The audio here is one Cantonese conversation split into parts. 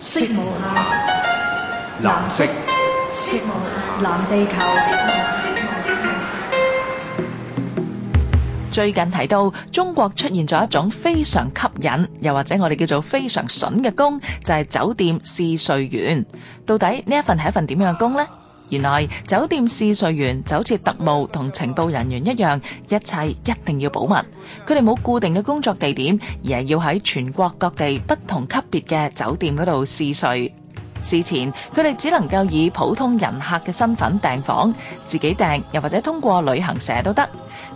色藍色。藍地球。最近提到，中國出現咗一種非常吸引，又或者我哋叫做非常笋嘅工，就係、是、酒店試睡員。到底呢一份係一份點樣嘅工咧？原來酒店試睡員，就好似特務同情報人員一樣，一切一定要保密。佢哋冇固定嘅工作地點，而係要喺全國各地不同級別嘅酒店嗰度試睡。事前，佢哋只能夠以普通人客嘅身份訂房，自己訂，又或者通過旅行社都得。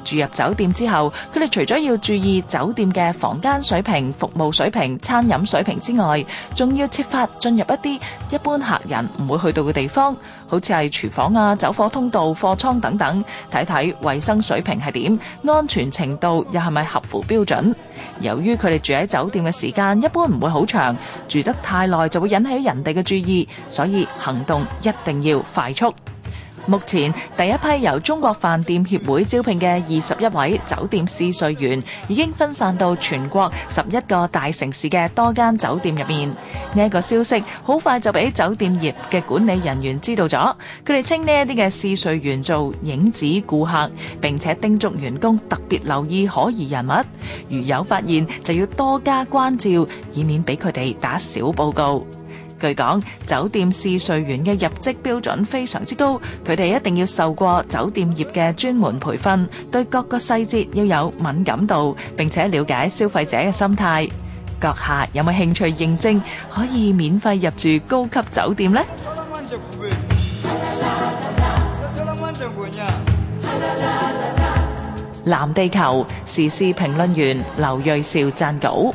住入酒店之後，佢哋除咗要注意酒店嘅房間水平、服務水平、餐飲水平之外，仲要設法進入一啲一般客人唔會去到嘅地方，好似係廚房啊、走火通道、貨倉等等，睇睇衛生水平係點、安全程度又係咪合乎標準。由於佢哋住喺酒店嘅時間一般唔會好長，住得太耐就會引起人哋嘅注意，所以行動一定要快速。目前第一批由中國飯店協會招聘嘅二十一位酒店試睡員，已經分散到全國十一個大城市嘅多間酒店入面。呢一個消息好快就俾酒店業嘅管理人員知道咗，佢哋稱呢一啲嘅試睡員做影子顧客，並且叮囑員工特別留意可疑人物，如有發現就要多加關照，以免俾佢哋打小報告。據講，酒店試睡員嘅入職標準非常之高，佢哋一定要受過酒店業嘅專門培訓，對各個細節要有敏感度，並且了解消費者嘅心態。閣下有冇興趣應徵，可以免費入住高級酒店呢？藍地球時事評論員劉銳紹撰稿。